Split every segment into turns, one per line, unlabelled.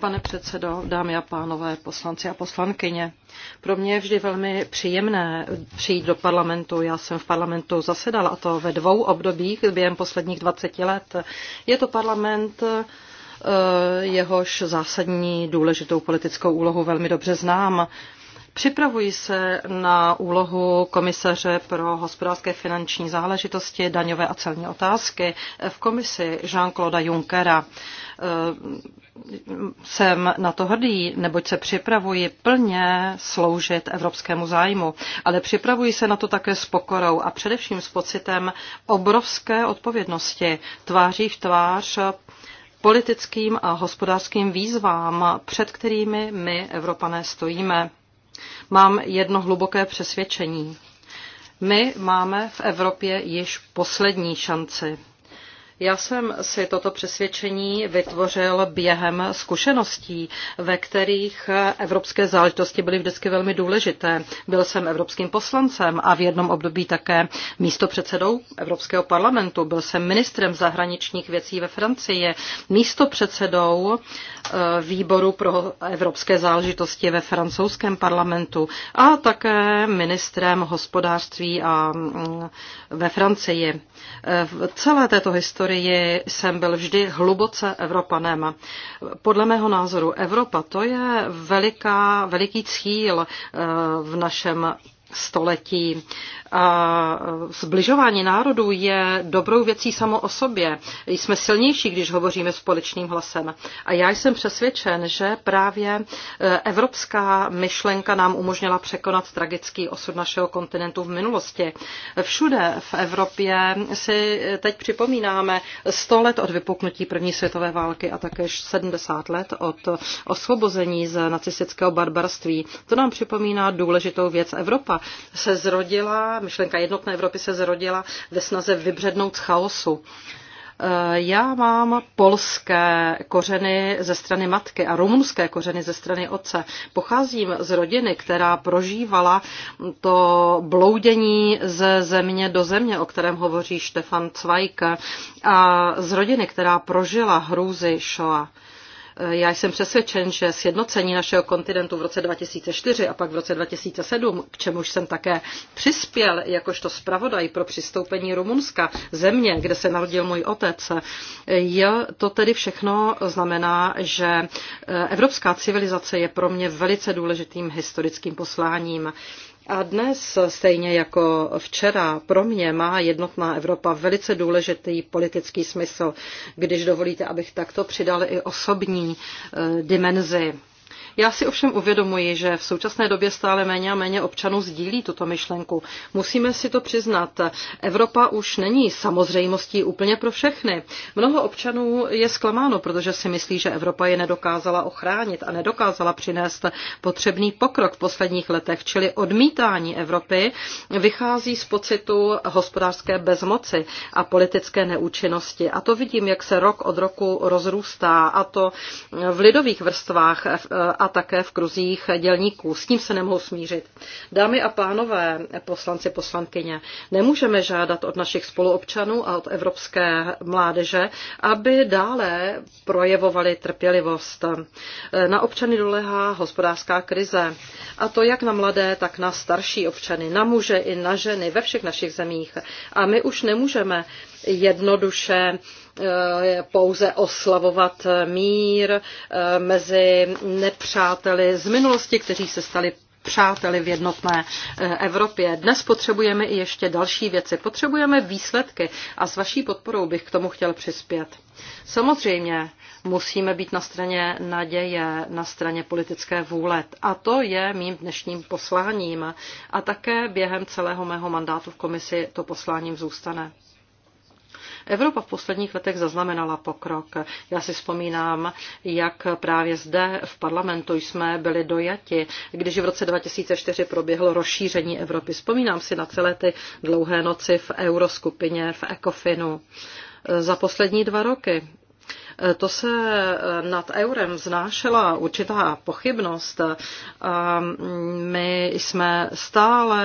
Pane předsedo, dámy a pánové, poslanci a poslankyně, pro mě je vždy velmi příjemné přijít do parlamentu. Já jsem v parlamentu zasedala, a to ve dvou obdobích během posledních 20 let. Je to parlament, eh, jehož zásadní důležitou politickou úlohu velmi dobře znám. Připravuji se na úlohu komisaře pro hospodářské finanční záležitosti, daňové a celní otázky v komisi Jean-Claude Junckera. Eh, jsem na to hrdý, neboť se připravuji plně sloužit evropskému zájmu, ale připravuji se na to také s pokorou a především s pocitem obrovské odpovědnosti tváří v tvář politickým a hospodářským výzvám, před kterými my, Evropané, stojíme mám jedno hluboké přesvědčení. My máme v Evropě již poslední šanci. Já jsem si toto přesvědčení vytvořil během zkušeností, ve kterých evropské záležitosti byly vždycky velmi důležité. Byl jsem evropským poslancem a v jednom období také místopředsedou Evropského parlamentu. Byl jsem ministrem zahraničních věcí ve Francii, místopředsedou eh, výboru pro evropské záležitosti ve francouzském parlamentu a také ministrem hospodářství a mm, ve Francii. Eh, v celé této historii historii jsem byl vždy hluboce Evropanem. Podle mého názoru Evropa to je veliká, veliký cíl eh, v našem století. A zbližování národů je dobrou věcí samo o sobě. Jsme silnější, když hovoříme společným hlasem. A já jsem přesvědčen, že právě e, evropská myšlenka nám umožnila překonat tragický osud našeho kontinentu v minulosti. Všude v Evropě si teď připomínáme 100 let od vypuknutí první světové války a také 70 let od osvobození z nacistického barbarství. To nám připomíná důležitou věc Evropa se zrodila, myšlenka jednotné Evropy se zrodila ve snaze vybřednout z chaosu. Eh, já mám polské kořeny ze strany matky a rumunské kořeny ze strany otce. Pocházím z rodiny, která prožívala to bloudění ze země do země, o kterém hovoří Štefan Cvajk, a z rodiny, která prožila hrůzy Shoah. Eh, já jsem přesvědčen, že sjednocení našeho kontinentu v roce 2004 a pak v roce 2007, k čemuž jsem také přispěl jakožto zpravodaj pro přistoupení Rumunska, země, kde se narodil můj otec, eh, je to tedy všechno znamená, že eh, evropská civilizace je pro mě velice důležitým historickým posláním. A dnes, stejně jako včera, pro mě má jednotná Evropa velice důležitý politický smysl, když dovolíte, abych takto přidal i osobní eh, dimenzi já si ovšem uvědomuji, že v současné době stále méně a méně občanů sdílí tuto myšlenku. Musíme si to přiznat. Evropa už není samozřejmostí úplně pro všechny. Mnoho občanů je zklamáno, protože si myslí, že Evropa je nedokázala ochránit a nedokázala přinést potřebný pokrok v posledních letech, čili odmítání Evropy vychází z pocitu hospodářské bezmoci a politické neúčinnosti. A to vidím, jak se rok od roku rozrůstá, a to v lidových vrstvách a také v kruzích dělníků. S tím se nemohu smířit. Dámy a pánové, poslanci, poslankyně, nemůžeme žádat od našich spoluobčanů a od evropské mládeže, aby dále projevovali trpělivost. Na občany dolehá hospodářská krize. A to jak na mladé, tak na starší občany, na muže i na ženy ve všech našich zemích. A my už nemůžeme jednoduše eh, pouze oslavovat mír eh, mezi nepřáteli z minulosti, kteří se stali přáteli v jednotné eh, Evropě. Dnes potřebujeme i ještě další věci. Potřebujeme výsledky a s vaší podporou bych k tomu chtěl přispět. Samozřejmě musíme být na straně naděje, na straně politické vůle. A to je mým dnešním posláním. A také během celého mého mandátu v komisi to posláním zůstane. Evropa v posledních letech zaznamenala pokrok. Já si vzpomínám, jak právě zde v parlamentu jsme byli dojati, když v roce 2004 proběhlo rozšíření Evropy. Vzpomínám si na celé ty dlouhé noci v euroskupině, v ECOFINu za poslední dva roky. Eh, to se eh, nad eurem znášela určitá pochybnost. Eh, my jsme stále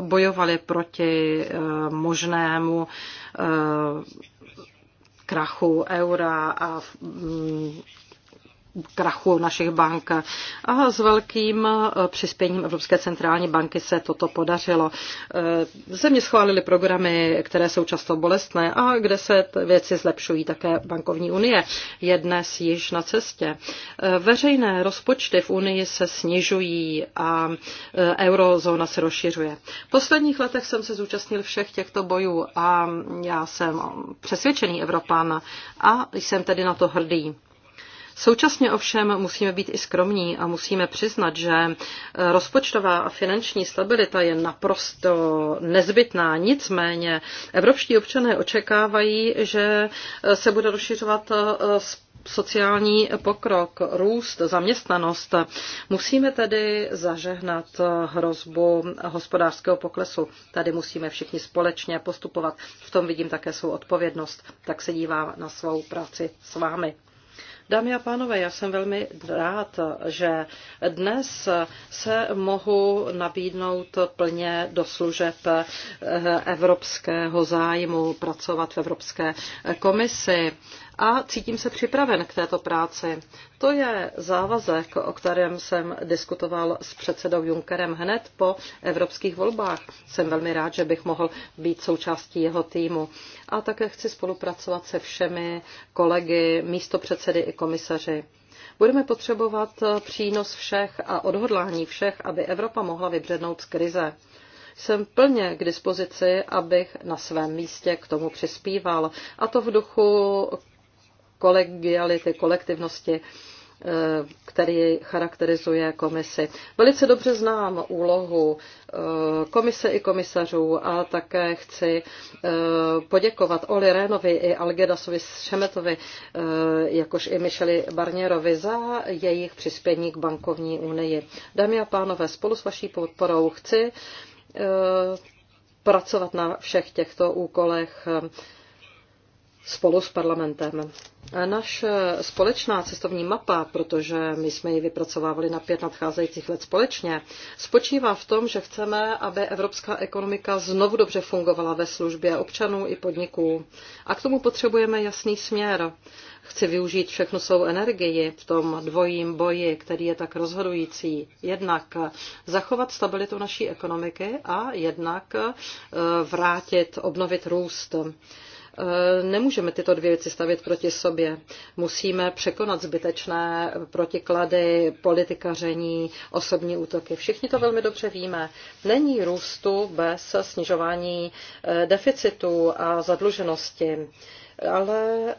bojovali proti možnému krachu eura a mm, krachu našich bank. A s velkým eh, přispěním Evropské centrální banky se toto podařilo. Eh, země schválili programy, které jsou často bolestné a kde se věci zlepšují. Také bankovní unie je dnes již na cestě. Eh, veřejné rozpočty v unii se snižují a eurozóna se rozšiřuje. V posledních letech jsem se zúčastnil všech těchto bojů a já jsem přesvědčený Evropan a jsem tedy na to hrdý. Současně ovšem musíme být i skromní a musíme přiznat, že eh, rozpočtová a finanční stabilita je naprosto nezbytná. Nicméně evropští občané očekávají, že eh, se bude rozšiřovat eh, sociální pokrok, růst, zaměstnanost. Musíme tedy zažehnat hrozbu hospodářského poklesu. Tady musíme všichni společně postupovat. V tom vidím také svou odpovědnost. Tak se dívám na svou práci s vámi. Dámy a pánové, já jsem velmi rád, že dnes se mohu nabídnout plně do služeb eh, evropského zájmu, pracovat v Evropské komisi a cítím se připraven k této práci. To je závazek, o kterém jsem diskutoval s předsedou Junckerem hned po evropských volbách. Jsem velmi rád, že bych mohl být součástí jeho týmu. A také chci spolupracovat se všemi kolegy, místopředsedy i komisaři. Budeme potřebovat přínos všech a odhodlání všech, aby Evropa mohla vybřednout z krize jsem plně k dispozici, abych na svém místě k tomu přispíval. A to v duchu kolegiality, kolektivnosti, eh, který charakterizuje komisi. Velice dobře znám úlohu eh, komise i komisařů a také chci eh, poděkovat Oli Rénovi i Algedasovi Šemetovi, jakož i Micheli Barnierovi za jejich přispění k bankovní unii. Dámy a pánové, spolu s vaší podporou chci pracovat na všech těchto úkolech spolu s parlamentem. Naše společná cestovní mapa, protože my jsme ji vypracovávali na pět nadcházejících let společně, spočívá v tom, že chceme, aby evropská ekonomika znovu dobře fungovala ve službě občanů i podniků. A k tomu potřebujeme jasný směr. Chci využít všechnu svou energii v tom dvojím boji, který je tak rozhodující. Jednak zachovat stabilitu naší ekonomiky a jednak eh, vrátit, obnovit růst. Eh, nemůžeme tyto dvě věci stavět proti sobě. Musíme překonat zbytečné protiklady, politikaření, osobní útoky. Všichni to velmi dobře víme. Není růstu bez snižování eh, deficitu a zadluženosti ale eh,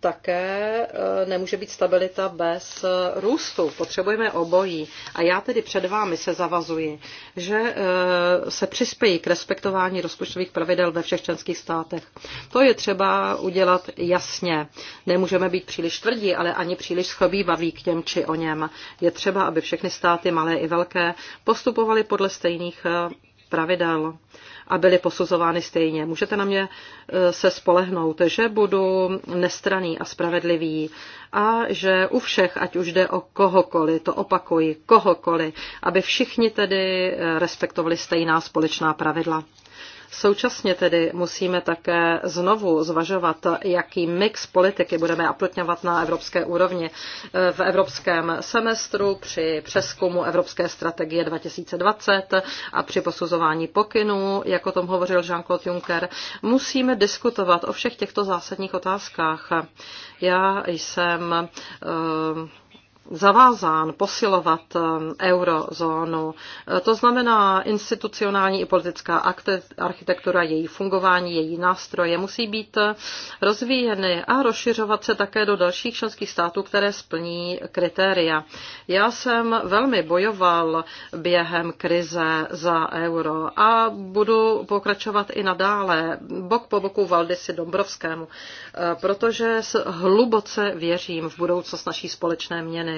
také eh, nemůže být stabilita bez eh, růstu. Potřebujeme obojí. A já tedy před vámi se zavazuji, že eh, se přispějí k respektování rozpočtových pravidel ve všech členských státech. To je třeba udělat jasně. Nemůžeme být příliš tvrdí, ale ani příliš schovývaví k těm či o něm. Je třeba, aby všechny státy, malé i velké, postupovaly podle stejných pravidel a byly posuzovány stejně. Můžete na mě eh, se spolehnout, že budu nestraný a spravedlivý a že u všech, ať už jde o kohokoliv, to opakuji, kohokoliv, aby všichni tedy eh, respektovali stejná společná pravidla. Současně tedy musíme také znovu zvažovat, jaký mix politiky budeme aplňovat na evropské úrovni v evropském semestru, při přeskumu Evropské strategie 2020 a při posuzování pokynů, jak o tom hovořil Jean-Claude Juncker. Musíme diskutovat o všech těchto zásadních otázkách. Já jsem uh, zavázán posilovat um, eurozónu. E, to znamená, institucionální i politická architektura, její fungování, její nástroje musí být rozvíjeny a rozšiřovat se také do dalších členských států, které splní kritéria. Já jsem velmi bojoval během krize za euro a budu pokračovat i nadále, bok po boku Valdisi Dombrovskému, e, protože hluboce věřím v budoucnost naší společné měny.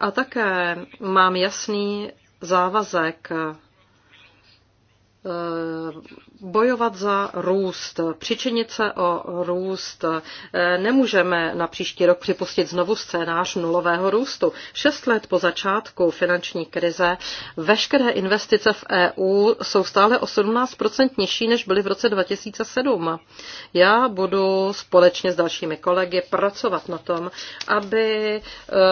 A také mám jasný závazek Eh, bojovat za růst, přičinit se o růst. Eh, nemůžeme na příští rok připustit znovu scénář nulového růstu. Šest let po začátku finanční krize veškeré investice v EU jsou stále o 17% nižší, než byly v roce 2007. Já budu společně s dalšími kolegy pracovat na tom, aby eh,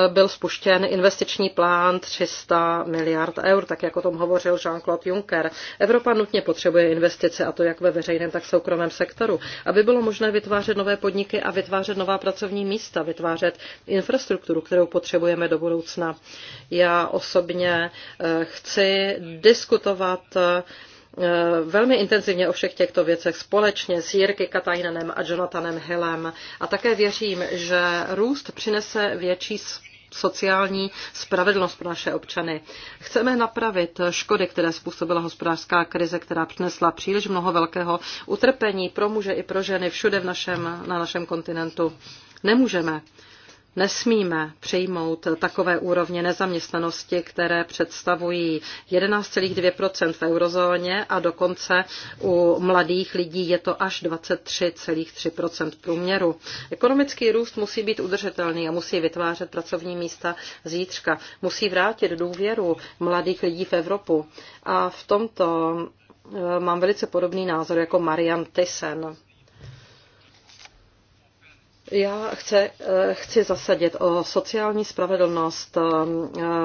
byl spuštěn investiční plán 300 miliard eur, tak jak o tom hovořil Jean-Claude Juncker. Evropa nutně potřebuje investice, a to jak ve veřejném, tak soukromém sektoru, aby bylo možné vytvářet nové podniky a vytvářet nová pracovní místa, vytvářet infrastrukturu, kterou potřebujeme do budoucna. Já osobně eh, chci diskutovat eh, velmi intenzivně o všech těchto věcech společně s Jirky Katajnenem a Jonathanem Hillem. A také věřím, že růst přinese větší sociální spravedlnost pro naše občany. Chceme napravit škody, které způsobila hospodářská krize, která přinesla příliš mnoho velkého utrpení pro muže i pro ženy všude v našem, na našem kontinentu. Nemůžeme Nesmíme přijmout takové úrovně nezaměstnanosti, které představují 11,2 v eurozóně a dokonce u mladých lidí je to až 23,3 průměru. Ekonomický růst musí být udržitelný a musí vytvářet pracovní místa zítřka. Musí vrátit důvěru mladých lidí v Evropu. A v tomto eh, mám velice podobný názor jako Marian Tyson. Já chci, eh, chci zasadit o sociální spravedlnost, eh,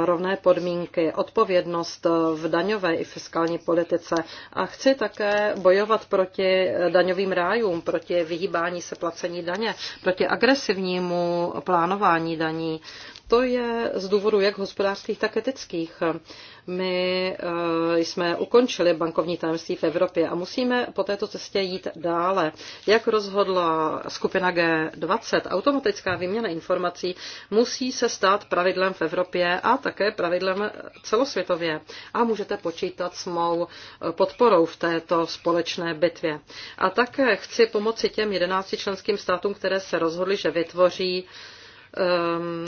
rovné podmínky, odpovědnost eh, v daňové i fiskální politice a chci také bojovat proti daňovým rájům, proti vyhýbání se placení daně, proti agresivnímu plánování daní. To je z důvodu jak hospodářských, tak etických. My eh, jsme ukončili bankovní tajemství v Evropě a musíme po této cestě jít dále. Jak rozhodla skupina G20, automatická výměna informací musí se stát pravidlem v Evropě a také pravidlem celosvětově. A můžete počítat s mou eh, podporou v této společné bitvě. A také chci pomoci těm 11 členským státům, které se rozhodly, že vytvoří um,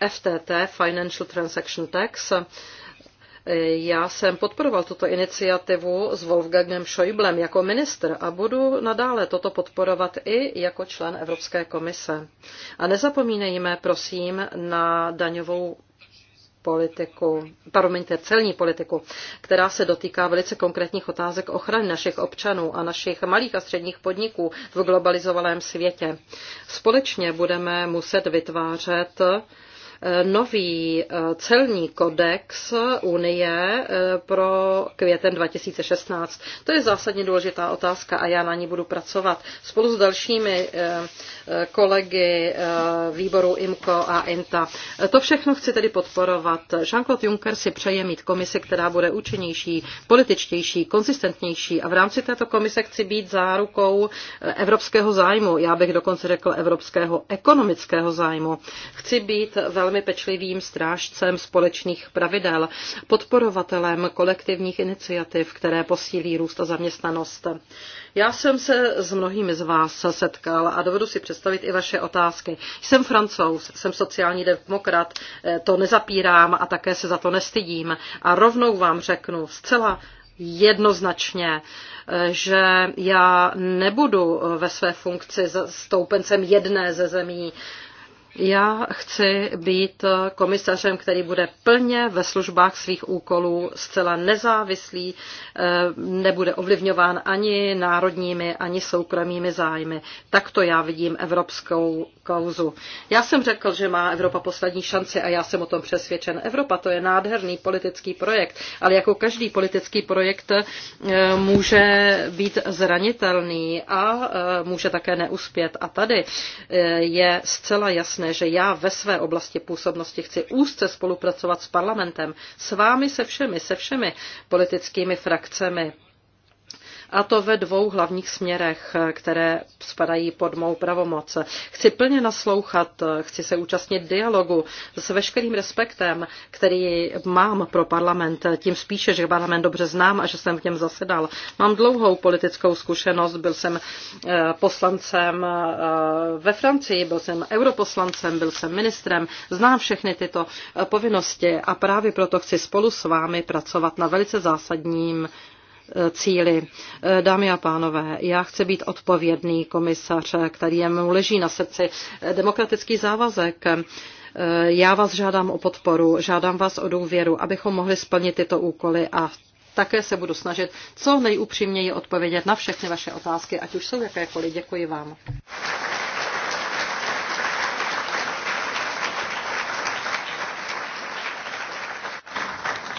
ehm, FTT, Financial Transaction Tax, já jsem podporoval tuto iniciativu s Wolfgangem Schäublem jako ministr a budu nadále toto podporovat i jako člen Evropské komise. A nezapomínejme, prosím, na daňovou politiku, promiňte, celní politiku, která se dotýká velice konkrétních otázek ochrany našich občanů a našich malých a středních podniků v globalizovaném světě. Společně budeme muset vytvářet Eh, nový eh, celní kodex Unie eh, pro květen 2016. To je zásadně důležitá otázka a já na ní budu pracovat spolu s dalšími kolegy výboru IMCO a INTA. To všechno chci tedy podporovat. Jean-Claude Juncker si přeje mít komisi, která bude účinnější, političtější, konzistentnější a v rámci této komise chci být zárukou evropského zájmu. Já bych dokonce řekl evropského ekonomického zájmu. Chci být velmi velmi pečlivým strážcem společných pravidel, podporovatelem kolektivních iniciativ, které posílí růst a zaměstnanost. Já jsem se s mnohými z vás setkal a dovedu si představit i vaše otázky. Jsem francouz, jsem sociální demokrat, to nezapírám a také se za to nestydím. A rovnou vám řeknu zcela jednoznačně, že já nebudu ve své funkci stoupencem jedné ze zemí, já chci být komisařem, který bude plně ve službách svých úkolů, zcela nezávislý, eh, nebude ovlivňován ani národními, ani soukromými zájmy. Tak to já vidím evropskou kauzu. Já jsem řekl, že má Evropa poslední šanci a já jsem o tom přesvědčen. Evropa to je nádherný politický projekt, ale jako každý politický projekt eh, může být zranitelný a eh, může také neuspět. A tady je zcela jasné, jasné, že já ve své oblasti působnosti chci úzce spolupracovat s parlamentem, s vámi, se všemi, se všemi politickými frakcemi a to ve dvou hlavních směrech, které spadají pod mou pravomoc. Chci plně naslouchat, chci se účastnit dialogu s veškerým respektem, který mám pro parlament, tím spíše, že parlament dobře znám a že jsem v něm zasedal. Mám dlouhou politickou zkušenost, byl jsem eh, poslancem eh, ve Francii, byl jsem europoslancem, byl jsem ministrem, znám všechny tyto eh, povinnosti a právě proto chci spolu s vámi pracovat na velice zásadním cíli. Eh, dámy a pánové, já chci být odpovědný komisař, který mu leží na srdci eh, demokratický závazek. Eh, já vás žádám o podporu, žádám vás o důvěru, abychom mohli splnit tyto úkoly a také se budu snažit co nejupřímněji odpovědět na všechny vaše otázky, ať už jsou jakékoliv. Děkuji vám.